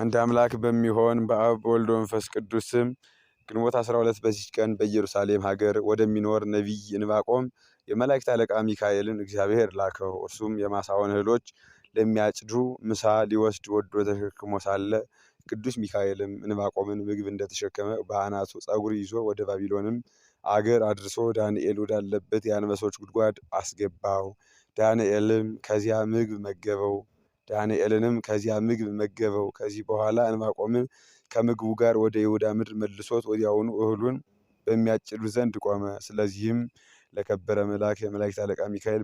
አንድ አምላክ በሚሆን በአብ ወልዶ መንፈስ ቅዱስ ስም ግንቦት 12 በዚች ቀን በኢየሩሳሌም ሀገር ወደሚኖር ነቢይ እንባቆም የመላእክት አለቃ ሚካኤልን እግዚአብሔር ላከው። እርሱም የማሳውን እህሎች ለሚያጭዱ ምሳ ሊወስድ ወዶ ተሸክሞ ሳለ ቅዱስ ሚካኤልም እንባቆምን ምግብ እንደተሸከመ በአናቱ ጸጉር ይዞ ወደ ባቢሎንም አገር አድርሶ ዳንኤል ወዳለበት የአንበሶች ጉድጓድ አስገባው። ዳንኤልም ከዚያ ምግብ መገበው። ዳንኤልንም ከዚያ ምግብ መገበው። ከዚህ በኋላ እንባቆምን ከምግቡ ጋር ወደ ይሁዳ ምድር መልሶት ወዲያውኑ እህሉን በሚያጭዱ ዘንድ ቆመ። ስለዚህም ለከበረ መልአክ የመላእክት አለቃ ሚካኤል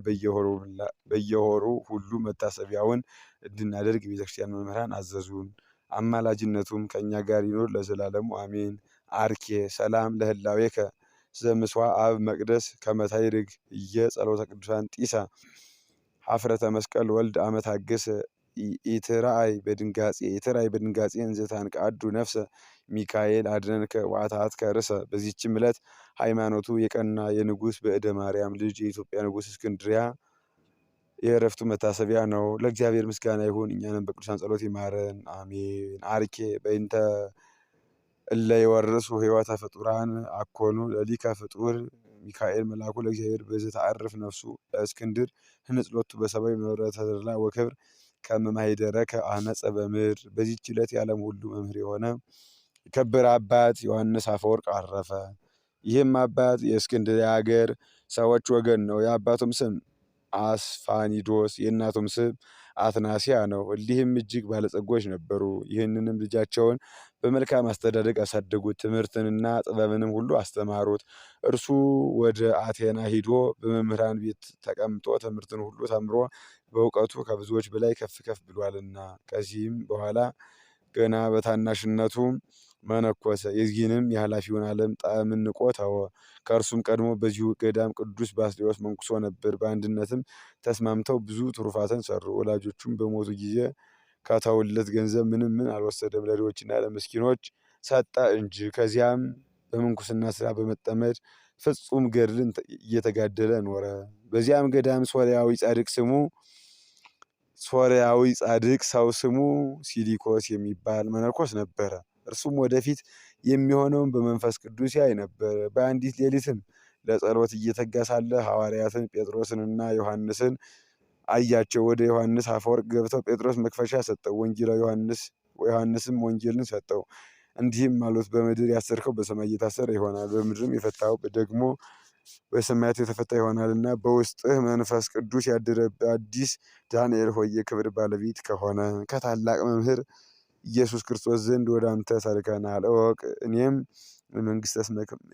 በየሆሩ ሁሉ መታሰቢያውን እንድናደርግ ቤተክርስቲያን መምህራን አዘዙን። አማላጅነቱም ከእኛ ጋር ይኖር ለዘላለሙ አሜን። አርኬ ሰላም ለህላዌከ ዘምስዋ አብ መቅደስ ከመታይርግ እየ ጸሎተ ቅዱሳን ጢሳ ሀፍረተ መስቀል ወልድ አገሰ። ኢትራአይ በድንጋጼ ኢትራአይ በድንጋጼ እንዘታን ቃዱ ነፍሰ ሚካኤል አድነን ከዋታት ከርሰ። በዚህችም ዕለት ሃይማኖቱ የቀና የንጉስ በእደ ማርያም ልጅ የኢትዮጵያ ንጉስ እስክንድሪያ የእረፍቱ መታሰቢያ ነው። ለእግዚአብሔር ምስጋና ይሁን፣ እኛንም በቅዱሳን ጸሎት ይማረን አሜን። አርኬ በይንተ እለ የወርሱ ህይወተ ፍጡራን አኮኑ ለሊከ ፍጡር ሚካኤል መልአኩ ለእግዚአብሔር በዘተአርፍ ነፍሱ ለእስክንድር ህንጽሎቱ በሰባዊ መብረ ተድላ ወክብር ከመማይደረከ አነጸ በምድር በዚህች ዕለት የዓለም ሁሉ መምህር የሆነ የከበረ አባት ዮሐንስ አፈወርቅ አረፈ። ይህም አባት የእስክንድርያ አገር ሰዎች ወገን ነው። የአባቱም ስም አስፋኒዶስ የእናቱም ስም አትናሲያ ነው። እሊህም እጅግ ባለጸጎች ነበሩ። ይህንንም ልጃቸውን በመልካም አስተዳደግ አሳደጉት፣ ትምህርትንና ጥበብንም ሁሉ አስተማሩት። እርሱ ወደ አቴና ሂዶ በመምህራን ቤት ተቀምጦ ትምህርትን ሁሉ ተምሮ በእውቀቱ ከብዙዎች በላይ ከፍ ከፍ ብሏልና ከዚህም በኋላ ገና በታናሽነቱ መነኮሰ። የዚህንም የኃላፊውን ዓለም ጣዕምን ንቆ ተወ። ከእርሱም ቀድሞ በዚሁ ገዳም ቅዱስ ባስሌዎስ መንኩሶ ነበር። በአንድነትም ተስማምተው ብዙ ትሩፋትን ሰሩ። ወላጆቹም በሞቱ ጊዜ ከተውለት ገንዘብ ምንም ምን አልወሰደም፣ ለድሆችና ለምስኪኖች ሰጠ እንጂ። ከዚያም በምንኩስና ስራ በመጠመድ ፍጹም ገድልን እየተጋደለ ኖረ። በዚያም ገዳም ሶርያዊ ጻድቅ ስሙ ሶርያዊ ጻድቅ ሰው ስሙ ሲሊኮስ የሚባል መነኮስ ነበረ። እርሱም ወደፊት የሚሆነውን በመንፈስ ቅዱስ ያይ ነበር። በአንዲት ሌሊትም ለጸሎት እየተጋ ሳለ ሐዋርያትን ጴጥሮስንና ዮሐንስን አያቸው። ወደ ዮሐንስ አፈወርቅ ገብተው ጴጥሮስ መክፈሻ ሰጠው፣ ወንጌላዊ ዮሐንስም ወንጌልን ሰጠው። እንዲህም አሉት፣ በምድር ያሰርከው በሰማይ እየታሰረ ይሆናል፣ በምድርም የፈታው ደግሞ በሰማያት የተፈታ ይሆናልና በውስጥህ መንፈስ ቅዱስ ያደረብህ አዲስ ዳንኤል ሆይ የክብር ባለቤት ከሆነ ከታላቅ መምህር ኢየሱስ ክርስቶስ ዘንድ ወደ አንተ ተልከናል እወቅ። እኔም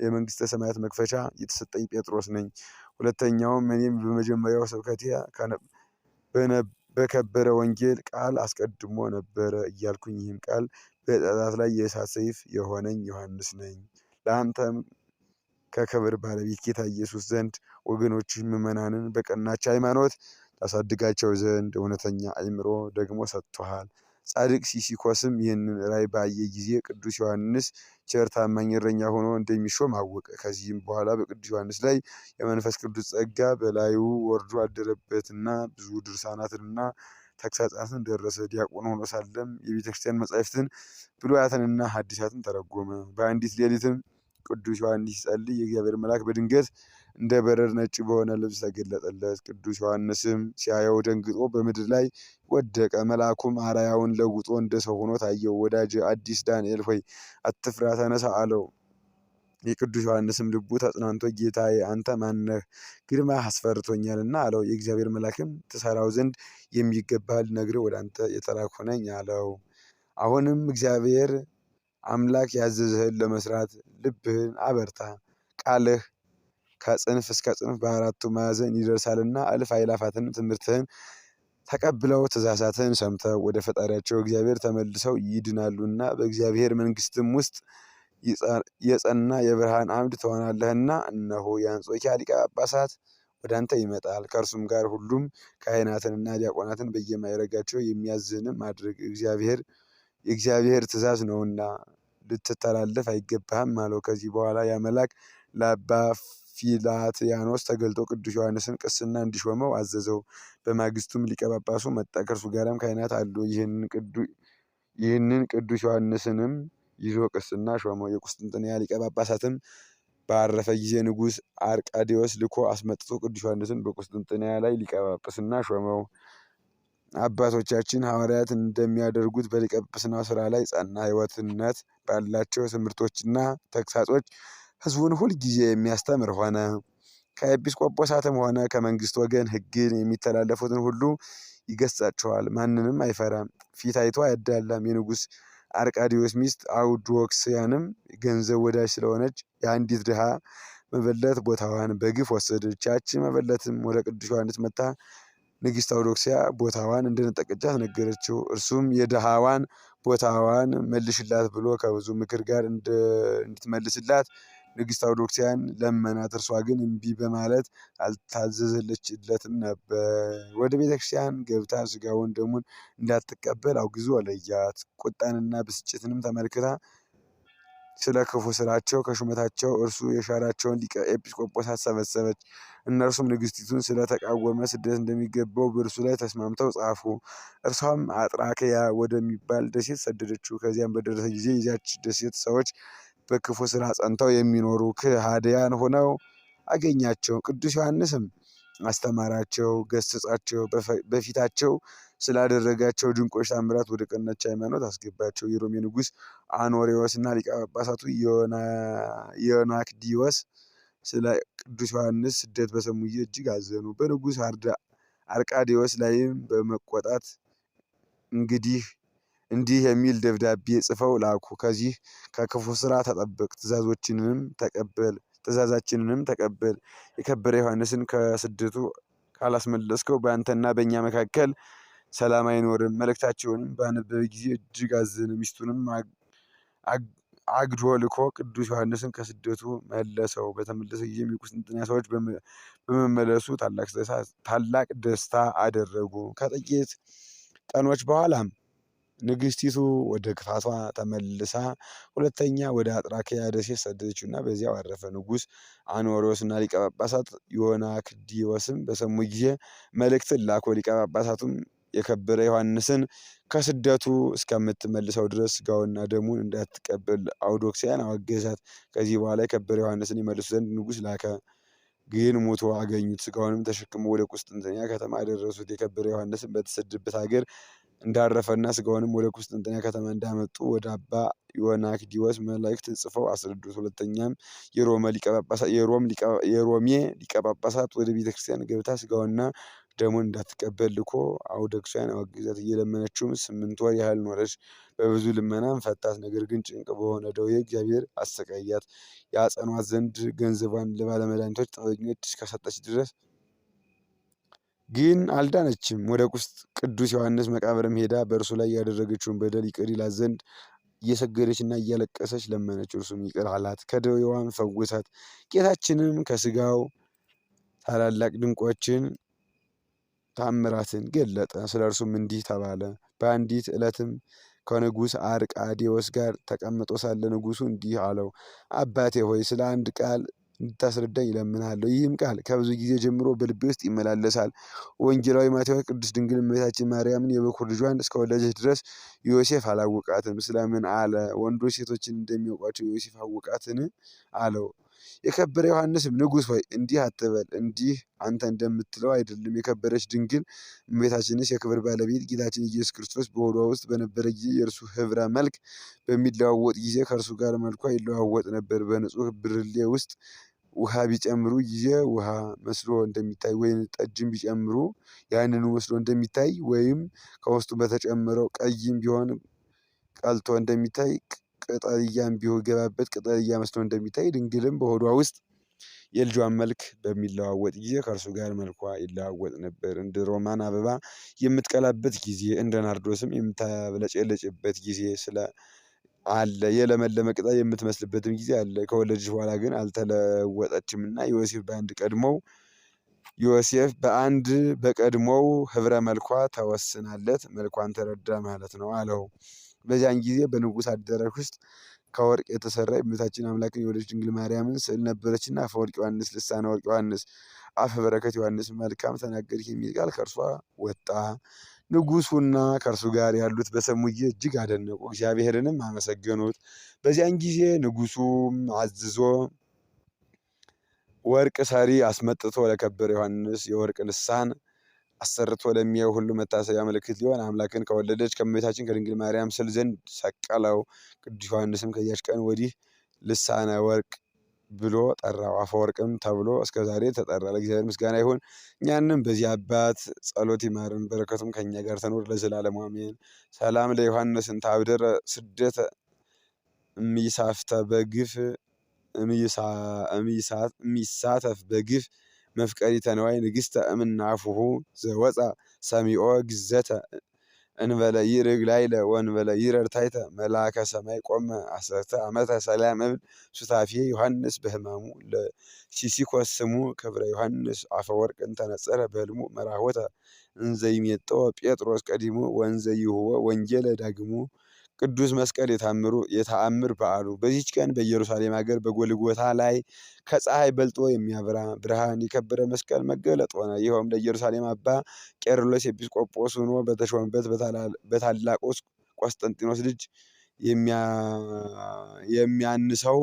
የመንግስተ ሰማያት መክፈቻ የተሰጠኝ ጴጥሮስ ነኝ። ሁለተኛውም እኔም በመጀመሪያው ስብከቴ በከበረ ወንጌል ቃል አስቀድሞ ነበረ እያልኩኝ ይህም ቃል በጠላት ላይ የእሳት ሰይፍ የሆነኝ ዮሐንስ ነኝ። ለአንተም ከክብር ባለቤት ጌታ ኢየሱስ ዘንድ ወገኖች ምዕመናንን በቀናች ሃይማኖት ታሳድጋቸው ዘንድ እውነተኛ አእምሮ ደግሞ ሰጥቶሃል። ጻድቅ ሲሲኮስም ይህንን ራእይ ባየ ጊዜ ቅዱስ ዮሐንስ ቸር ታማኝ እረኛ ሆኖ እንደሚሾም አወቀ። ከዚህም በኋላ በቅዱስ ዮሐንስ ላይ የመንፈስ ቅዱስ ጸጋ በላዩ ወርዶ አደረበትና ብዙ ድርሳናትንና ተግሳጻትን ደረሰ። ዲያቆን ሆኖ ሳለም የቤተክርስቲያን መጻሕፍትን ብሉያትንና ሐዲሳትን ተረጎመ። በአንዲት ሌሊትም ቅዱስ ዮሐንስ ሲጸልይ የእግዚአብሔር መልአክ በድንገት እንደ በረድ ነጭ በሆነ ልብስ ተገለጠለት። ቅዱስ ዮሐንስም ሲያየው ደንግጦ በምድር ላይ ወደቀ። መልአኩም አራያውን ለውጦ እንደ ሰው ሆኖ ታየው። ወዳጅ አዲስ ዳንኤል ሆይ አትፍራ፣ ተነሳ አለው። የቅዱስ ዮሐንስም ልቡ ተጽናንቶ ጌታዬ አንተ ማነህ? ግርማ አስፈርቶኛልና አለው። የእግዚአብሔር መልአክም ትሰራው ዘንድ የሚገባህ ነግር ወደ አንተ የተላኩ ነኝ አለው። አሁንም እግዚአብሔር አምላክ ያዘዝህን ለመስራት ልብህን አበርታ ቃልህ ከጽንፍ እስከ ጽንፍ በአራቱ ማዕዘን ይደርሳልና እልፍ አእላፋትንም ትምህርትህን ተቀብለው ትእዛዛትህን ሰምተው ወደ ፈጣሪያቸው እግዚአብሔር ተመልሰው ይድናሉና በእግዚአብሔር መንግስትም ውስጥ የጸና የብርሃን አምድ ትሆናለህና። እነሆ የአንጾኪያ ሊቀ ጳጳሳት ወደ አንተ ይመጣል፣ ከእርሱም ጋር ሁሉም ካህናትንና ዲያቆናትን በየማይረጋቸው የሚያዝንም አድርግ፣ እግዚአብሔር የእግዚአብሔር ትእዛዝ ነውና ልትተላለፍ አይገባህም አለው። ከዚህ በኋላ ያ መልአክ ለአባ ፊላትያኖስ ተገልጦ ቅዱስ ዮሐንስን ቅስና እንዲሾመው አዘዘው። በማግስቱም ሊቀ ጳጳሱ መጣ፣ ከእርሱ ጋርም ካህናት አሉ። ይህንን ቅዱስ ዮሐንስንም ይዞ ቅስና ሾመው። የቁስጥንጥንያ ሊቀ ጳጳሳትም ባረፈ ጊዜ ንጉሥ አርቃዲዎስ ልኮ አስመጥቶ ቅዱስ ዮሐንስን በቁስጥንጥንያ ላይ ሊቀ ጳጳስና ሾመው። አባቶቻችን ሐዋርያት እንደሚያደርጉት በሊቀ ጵጵስናው ሥራ ላይ ጸና ሕይወትነት ባላቸው ትምህርቶችና ተግሳጾች ህዝቡን ሁልጊዜ የሚያስተምር ሆነ። ከኤጲስቆጶሳትም ሆነ ከመንግስት ወገን ህግን የሚተላለፉትን ሁሉ ይገሳቸዋል ማንንም አይፈራም፣ ፊት አይቶ አያዳላም። የንጉስ አርቃዲዎስ ሚስት አውዶክስያንም ገንዘብ ወዳጅ ስለሆነች የአንዲት ድሃ መበለት ቦታዋን በግፍ ወሰደች። ያቺ መበለትም ወደ ቅዱስ ዮሐንስ መታ ንግስት አውዶክስያ ቦታዋን እንደነጠቀቻት ነገረችው። እርሱም የድሃዋን ቦታዋን መልሽላት ብሎ ከብዙ ምክር ጋር እንድትመልስላት ንግስት አውዶክሳውያን ለመናት፣ እርሷ ግን እምቢ በማለት አልታዘዘለችለትም ነበር። ወደ ቤተ ክርስቲያን ገብታ ስጋውን ደሙን እንዳትቀበል አውግዞ ለያት። ቁጣንና ብስጭትንም ተመልክታ ስለ ክፉ ስራቸው ከሹመታቸው እርሱ የሻራቸውን ሊቀ ኤጲስቆጶሳት ሰበሰበች። እነርሱም ንግስቲቱን ስለተቃወመ ስደት እንደሚገባው በእርሱ ላይ ተስማምተው ጻፉ። እርሷም አጥራከያ ወደሚባል ደሴት ሰደደችው። ከዚያም በደረሰ ጊዜ የዚያች ደሴት ሰዎች በክፉ ስራ ጸንተው የሚኖሩ ከሃዲያን ሆነው አገኛቸው። ቅዱስ ዮሐንስም አስተማራቸው፣ ገስጻቸው፣ በፊታቸው ስላደረጋቸው ድንቆች ታምራት ወደ ቀናች ሃይማኖት አስገባቸው። የሮሜ ንጉሥ አኖሬዎስ እና ሊቀ ጳጳሳቱ ዮናክዲዮስ ስለ ቅዱስ ዮሐንስ ስደት በሰሙ ጊዜ እጅግ አዘኑ። በንጉሥ አርቃዲዎስ ላይም በመቆጣት እንግዲህ እንዲህ የሚል ደብዳቤ ጽፈው ላኩ። ከዚህ ከክፉ ስራ ተጠብቅ ትእዛዞችንም ተቀበል ትእዛዛችንንም ተቀበል። የከበረ ዮሐንስን ከስደቱ ካላስመለስከው በአንተና በእኛ መካከል ሰላም አይኖርም። መልእክታቸውንም ባነበበ ጊዜ እጅግ አዘነ። ሚስቱንም አግዶ ልኮ ቅዱስ ዮሐንስን ከስደቱ መለሰው። በተመለሰ ጊዜም የቁስጥንጥንያ ሰዎች በመመለሱ ታላቅ ደስታ አደረጉ። ከጥቂት ቀኖች በኋላም ንግስቲቱ ወደ ክፋቷ ተመልሳ ሁለተኛ ወደ አጥራክያ ደሴት ሰደደችውና በዚያው አረፈ። አኖሮስ አኖሮስና ሊቀ ጳጳሳት ዮናክዲዮስም በሰሙ ጊዜ መልእክትን ላኮ። ሊቀ ጳጳሳቱም የከበረ ዮሐንስን ከስደቱ እስከምትመልሰው ድረስ ስጋውና ደሙን እንዳትቀበል አውዶክሲያን አወገዛት። ከዚህ በኋላ የከበረ ዮሐንስን ይመልሱ ዘንድ ንጉስ ላከ። ግን ሞቶ አገኙት። ስጋውንም ተሸክሞ ወደ ቁስጥንጥንያ ከተማ አደረሱት። የከበረ ዮሐንስን በተሰደደበት ሀገር እንዳረፈና ስጋውንም ወደ ቁስጥንጥንያ ከተማ እንዳመጡ ወደ አባ ዮናክዲዎስ መልእክት ጽፈው አስረዱት። ሁለተኛም የሮሜ ሊቀ ጳጳሳት ወደ ቤተ ክርስቲያን ገብታ ስጋውና ደሞን እንዳትቀበል ልኮ አውደክሷን አወግዛት። እየለመነችውም ስምንት ወር ያህል ኖረች። በብዙ ልመናም ፈታት። ነገር ግን ጭንቅ በሆነ ደዌ እግዚአብሔር አሰቃያት። የአጸኗት ዘንድ ገንዘቧን ለባለመድኃኒቶች ጥበኞች ከሰጠች ድረስ ግን አልዳነችም። ወደ ቁስጥ ቅዱስ ዮሐንስ መቃብርም ሄዳ በእርሱ ላይ ያደረገችውን በደል ይቅር ይላት ዘንድ እና እያለቀሰች ለመነች እርሱም ይቅር አላት፣ ከደዌዋም ፈወሳት። ጌታችንም ከስጋው ታላላቅ ድንቆችን ታምራትን ገለጠ። ስለ እርሱም እንዲህ ተባለ። በአንዲት ዕለትም ከንጉሥ አርቃዴዎስ ጋር ተቀምጦ ሳለ ንጉሡ እንዲህ አለው፣ አባቴ ሆይ ስለ አንድ ቃል እንድታስረዳኝ እለምንሃለሁ። ይህም ቃል ከብዙ ጊዜ ጀምሮ በልቤ ውስጥ ይመላለሳል። ወንጌላዊ ማቴዎስ ቅዱስ ድንግል እመቤታችን ማርያምን የበኩር ልጇን እስከወለደች ድረስ ዮሴፍ አላወቃትም። ስለምን አለ? ወንዶች ሴቶችን እንደሚያውቋቸው ዮሴፍ አወቃትን አለው። የከበረ ዮሐንስም ንጉሥ ሆይ እንዲህ አትበል፣ እንዲህ አንተ እንደምትለው አይደለም። የከበረች ድንግል እመቤታችንስ የክብር ባለቤት ጌታችን ኢየሱስ ክርስቶስ በሆዷ ውስጥ በነበረ ጊዜ የእርሱ ህብረ መልክ በሚለዋወጥ ጊዜ ከእርሱ ጋር መልኳ ይለዋወጥ ነበር። በንጹህ ብርሌ ውስጥ ውሃ ቢጨምሩ ጊዜ ውሃ መስሎ እንደሚታይ ወይም ጠጅም ቢጨምሩ ያንኑ መስሎ እንደሚታይ ወይም ከውስጡ በተጨመረው ቀይም ቢሆን ቀልቶ እንደሚታይ ቅጠልያም ቢገባበት ቅጠልያ መስሎ እንደሚታይ ድንግልም በሆዷ ውስጥ የልጇን መልክ በሚለዋወጥ ጊዜ ከእርሱ ጋር መልኳ ይለዋወጥ ነበር። እንደ ሮማን አበባ የምትቀላበት ጊዜ እንደ ናርዶስም የምታብለጨለጭበት ጊዜ ስለ አለ የለመለመ ቅጠል የምትመስልበትም ጊዜ አለ። ከወለደች በኋላ ግን እና ዮሴፍ በአንድ ቀድሞው ዮሴፍ በአንድ በቀድሞው ህብረ መልኳ ተወስናለት መልኳን ተረዳ ማለት ነው አለው። በዚያን ጊዜ በንጉሥ አዳራሽ ውስጥ ከወርቅ የተሰራ የእመቤታችን አምላክን የወለደች ድንግል ማርያምን ስዕል ነበረችና አፈ ወርቅ ዮሐንስ፣ ልሳነ ወርቅ ዮሐንስ፣ አፈ በረከት ዮሐንስ መልካም ተናገድ የሚል ቃል ከእርሷ ወጣ። ንጉሱና ከእርሱ ጋር ያሉት በሰሙ ጊዜ እጅግ አደነቁ፣ እግዚአብሔርንም አመሰገኑት። በዚያን ጊዜ ንጉሱም አዝዞ ወርቅ ሰሪ አስመጥቶ ለከበረ ዮሐንስ የወርቅ ልሳን አሰርቶ ለሚያየው ሁሉ መታሰቢያ ምልክት ሊሆን አምላክን ከወለደች ከእመቤታችን ከድንግል ማርያም ስል ዘንድ ሰቀለው። ቅዱስ ዮሐንስም ከዚያች ቀን ወዲህ ልሳነ ወርቅ ብሎ ጠራው። አፈወርቅም ተብሎ እስከ ዛሬ ተጠራ። ለእግዚአብሔር ምስጋና ይሁን። እኛንም በዚህ አባት ጸሎት ይማርን፣ በረከቱም ከኛ ጋር ተኖር ለዘላለም አሜን። ሰላም ለዮሐንስ እንተ አብደረ ስደት እሚሳፍተ በግፍ እሚሳተፍ በግፍ መፍቀሪ ተነዋይ ንግሥተ እምናፉሁ ዘወፃ ሰሚኦ ግዘተ እንበለ ይርግ ላይለ ወንበለ ታይተ መልአከ ሰማይ ቆመ አሰርተ ዓመተ ሰላም እብል ሱታፌ ዮሐንስ በህማሙ ለሲሲኮስ ስሙ ክብረ ዮሐንስ አፈወርቅ እንተነጸረ በህልሙ መራሆተ እንዘይሜጠወ ጴጥሮስ ቀዲሞ ወንዘይህወ ወንጀለ ዳግሞ ቅዱስ መስቀል የታምሩ የተአምር በዓሉ በዚች ቀን በኢየሩሳሌም ሀገር በጎልጎታ ላይ ከፀሐይ በልጦ የሚያበራ ብርሃን የከበረ መስቀል መገለጥ ሆነ። ይኸውም ለኢየሩሳሌም አባ ቄርሎስ ኤጲስቆጶስ ሆኖ በተሾመበት በታላቆስ ቆስጠንጢኖስ ልጅ የሚያንሰው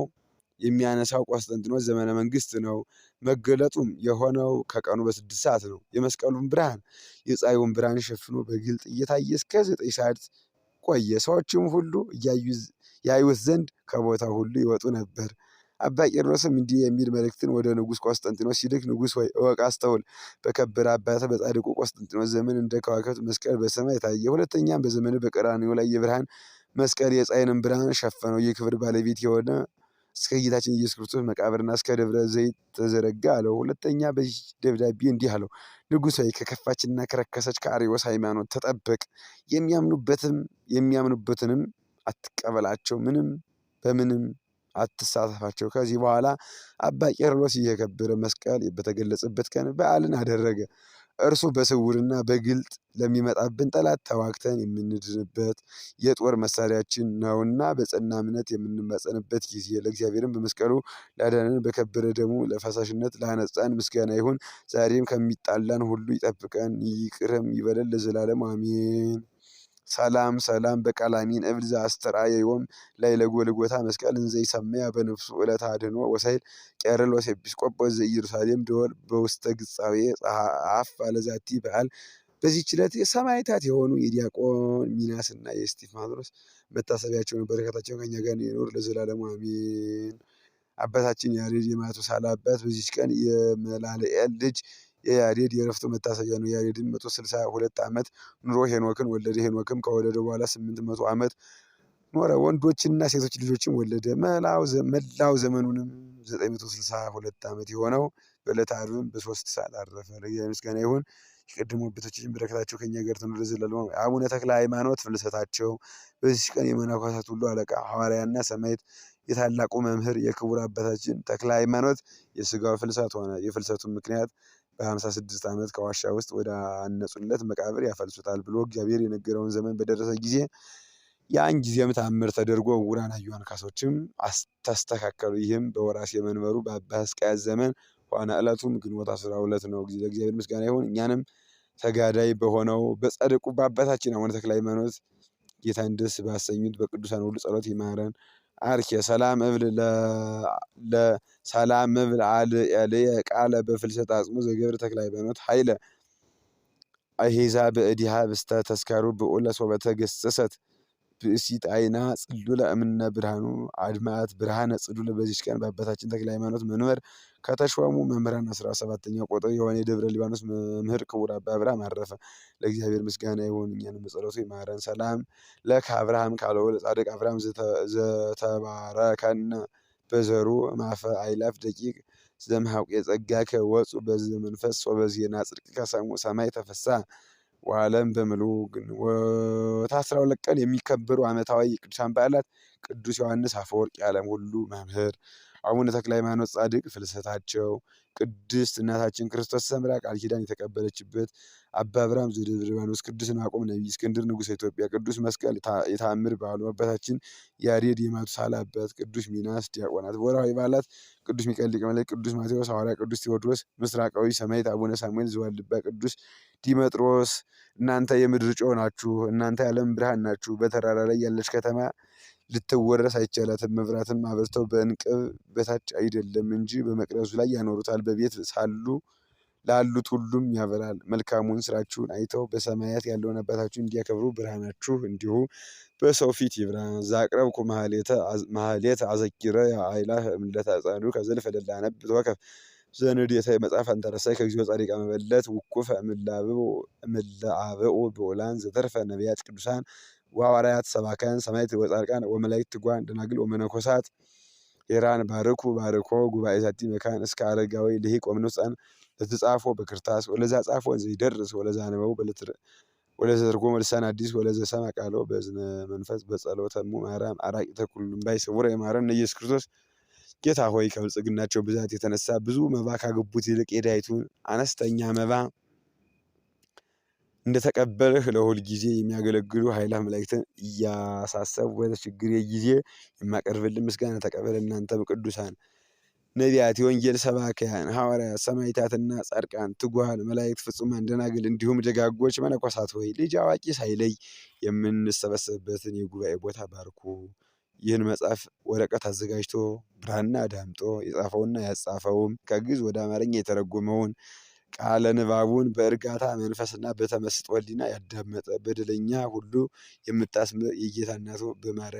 የሚያነሳው ቆስጠንጢኖስ ዘመነ መንግስት ነው። መገለጡም የሆነው ከቀኑ በስድስት ሰዓት ነው። የመስቀሉን ብርሃን የፀሐዩን ብርሃን ሸፍኖ በግልጥ እየታየ እስከ ዘጠኝ ሰዓት ቆየ። ሰዎችም ሁሉ ያዩት ዘንድ ከቦታው ሁሉ ይወጡ ነበር። አባ ቄርሎስም እንዲህ የሚል መልእክትን ወደ ንጉሥ ቆስጠንጢኖስ ሲልክ፣ ንጉሥ ወይ እወቅ፣ አስተውል። በከበረ አባተ በጻድቁ ቆስጠንጢኖስ ዘመን እንደ ከዋክብት መስቀል በሰማይ ታየ። ሁለተኛም በዘመኑ በቀራንዮ ላይ የብርሃን መስቀል የፀሐይንም ብርሃን ሸፈነው። የክብር ባለቤት የሆነ እስከ ጌታችን ኢየሱስ ክርስቶስ መቃብርና እስከ ደብረ ዘይት ተዘረጋ አለው። ሁለተኛ በዚህ ደብዳቤ እንዲህ አለው፣ ንጉሥ ሆይ ከከፋችና ከረከሰች ከአሪዎስ ሃይማኖት ተጠበቅ። የሚያምኑበትም የሚያምኑበትንም አትቀበላቸው፣ ምንም በምንም አትሳተፋቸው። ከዚህ በኋላ አባ ቄርሎስ የከበረ መስቀል በተገለጸበት ቀን በዓልን አደረገ። እርሱ በስውርና በግልጥ ለሚመጣብን ጠላት ተዋግተን የምንድንበት የጦር መሳሪያችን ነውና በጸና እምነት የምንመጸንበት ጊዜ ለእግዚአብሔርም በመስቀሉ ላዳነን በከበረ ደሙ ለፈሳሽነት ላነጻን ምስጋና ይሁን። ዛሬም ከሚጣላን ሁሉ ይጠብቀን ይቅርም ይበለን ለዘላለም አሜን። ሰላም ሰላም በቃላሚን እብል ዘአስተርአየዮም ላይ ለጎልጎታ መስቀል እንዘይ ሰማያ በነፍሱ ዕለተ አድኖ ወሳይል ቄርሎስ ኤጲስቆጶስ ዘኢየሩሳሌም ደወል በውስተ ግጻዌ ጸሐፍ አለዛቲ በዓል። በዚህች ዕለት ሰማዕታት የሆኑ የዲያቆን ሚናስ እና የእስጢፋኖስ መታሰቢያቸው ነው። በረከታቸው ከእኛ ጋር ይኑር ለዘላለሙ አሜን። አባታችን ያሬድ የማቱሳላ አባት በዚች ቀን የመላልኤል ልጅ የያሬድ የዕረፍቱ መታሰቢያ ነው። ያሬድም 162 ዓመት ኑሮ ሄኖክን ወለደ። ሄኖክም ከወለደ በኋላ 800 ዓመት ኖረ። ወንዶችንና ሴቶች ልጆችን ወለደ። መላው ዘመኑንም 962 ዓመት የሆነው በዕለተ ዓርብም በሶስት ሰዓት አረፈ። ለእግዚአብሔር ምስጋና ይሁን። የቀድሞ አባቶቻችን በረከታቸው ከኛ ጋር ትኑር ለዘላለሙ። አቡነ ተክለ ሃይማኖት ፍልሰታቸው። በዚህ ቀን የመነኮሳት ሁሉ አለቃ ሐዋርያና ሰማዕት የታላቁ መምህር የክቡር አባታችን ተክለ ሃይማኖት የስጋው ፍልሰት ሆነ። የፍልሰቱን ምክንያት በ56 ዓመት ከዋሻ ውስጥ ወደ አነጹለት መቃብር ያፈልሱታል ብሎ እግዚአብሔር የነገረውን ዘመን በደረሰ ጊዜ ያን ጊዜም ተአምር ተደርጎ ውራን አዩዋን ካሶችም ተስተካከሉ። ይህም በወራሴ መንበሩ በአባ ሕዝቅያስ ዘመን ሆነ። ዕለቱም ግንቦት 12 ነው። ጊዜ ለእግዚአብሔር ምስጋና ይሁን። እኛንም ተጋዳይ በሆነው በጸደቁ በአባታችን አቡነ ተክለ ሃይማኖት ጌታን ደስ ባሰኙት በቅዱሳን ሁሉ ጸሎት ይማረን። አርኬ ሰላም እብል ለሰላም እብል አል አልየ ቃለ በፍልሰት አጽሙ ዘገብር ተክላይ ሃይማኖት ኃይለ አሂዛ በእዲሃ ብስተ ተስከሩ ብዑለ ሶበተ ገሰሰት ብእሲት አይና ጽሉለ እምነ ብርሃኑ አድማት ብርሃነ ጽሉለ በዚች ቀን በአባታችን ተክለ ሃይማኖት መንበር ከተሾሙ መምህራን አስራ ሰባተኛ ቆጠር የሆነ የደብረ ሊባኖስ መምህር ክቡር አባ አብርሃም አረፈ። ለእግዚአብሔር ምስጋና ይሁን፣ እኛንም በጸሎቱ ይማረን። ሰላም ለከ አብርሃም ካልኦ ለጻድቅ አብርሃም ዘተባረከነ በዘሩ ማፈ አይላፍ ደቂቅ ዘምሐቁ የጸጋከ ወፁ በዚ መንፈስ ወበዜና ጽድቅ ከሰሙ ሰማይ ተፈሳ ዋለም በምሉ ግንቦት አስራ ሁለት ቀን የሚከበሩ ዓመታዊ ቅዱሳን በዓላት ቅዱስ ዮሐንስ አፈወርቅ የዓለም ሁሉ መምህር አቡነ ተክለ ሃይማኖት ጻድቅ ፍልሰታቸው፣ ቅድስት እናታችን ክርስቶስ ሰምራ ቃል ኪዳን የተቀበለችበት፣ አባ አብርሃም ዘደብረ ሊባኖስ፣ ቅዱስ ናቆም ነቢይ፣ እስክንድር ንጉሠ ኢትዮጵያ፣ ቅዱስ መስቀል የታምር በዓሉ አባታችን ያሬድ የማቱሳላ አባት፣ ቅዱስ ሚናስ ዲያቆናት። ወርሃዊ በዓላት ቅዱስ ሚካኤል ሊቀ መላእክት፣ ቅዱስ ማቴዎስ ሐዋርያ፣ ቅዱስ ቴዎድሮስ ምስራቃዊ ሰማዕት፣ አቡነ ሳሙኤል ዘዋልባ፣ ቅዱስ ዲመጥሮስ እናንተ የምድር ጨው ናችሁ፣ እናንተ የዓለም ብርሃን ናችሁ። በተራራ ላይ ያለች ከተማ ልትወረስ አይቻላትም። መብራትም አብርተው በእንቅብ በታች አይደለም እንጂ በመቅረዙ ላይ ያኖሩታል። በቤት ሳሉ ላሉት ሁሉም ያበራል። መልካሙን ስራችሁን አይተው በሰማያት ያለውን አባታችሁ እንዲያከብሩ ብርሃናችሁ እንዲሁ በሰው ፊት ይብራ። ዛቅረብኩ ማህሌት አዘኪረ አይላ እምለታ ጻዱ ከዘልፈ ለላነብ ተወከፍ ዘንዴታ መጽሐፍ አንተረሳይ ከጊዜው ጻድቃ መበለት ውኩፍ እምለአብኦ ብኦላን ዘተርፈ ነቢያት ቅዱሳን ወሐዋርያት ሰባክያን ሰማዕት ወጻድቃን ወመላእክት ትጓን ደናግል ወመነኮሳት ሄራን ባርኩ ባርኮ ጉባኤ ዛቲ መካን እስከ አረጋዊ ልሂቅ ወምንውፃን ለተጻፎ በክርታስ ወለዛ ጻፎ ዘይደርስ ወለዛ ነበው ወለዘ ተርጎመ ልሳነ ሐዲስ ወለዘ ሰማ ቃሎ በዝነ መንፈስ በጸሎተሙ ማርያም አራቂ ኩሉ እምባይ ስውረ የማረን ኢየሱስ ክርስቶስ ጌታ ሆይ ከብልጽግናቸው ብዛት የተነሳ ብዙ መባ ካገቡት ይልቅ የዳይቱን አነስተኛ መባ እንደተቀበልህ ለሁል ጊዜ የሚያገለግሉ ኃይላት መላእክትን እያሳሰብ በችግሬ ጊዜ የማቀርብልን ምስጋና ተቀበል። እናንተም ቅዱሳን ነቢያት፣ የወንጌል ሰባክያን ሐዋርያት፣ ሰማዕታትና ጻድቃን፣ ትጉሃን መላእክት፣ ፍጹማን ደናግል፣ እንዲሁም ደጋጎች መነኮሳት ሆይ ልጅ አዋቂ ሳይለይ የምንሰበሰብበትን የጉባኤ ቦታ ባርኩ። ይህን መጽሐፍ ወረቀት አዘጋጅቶ ብራና ዳምጦ የጻፈውና ያጻፈውም ከግዕዝ ወደ አማርኛ የተረጎመውን ቃለ ንባቡን በእርጋታ መንፈስና በተመስጦ ህሊና ያዳመጠ በደለኛ ሁሉ የምታስምር የጌታ እናቱ በማርያም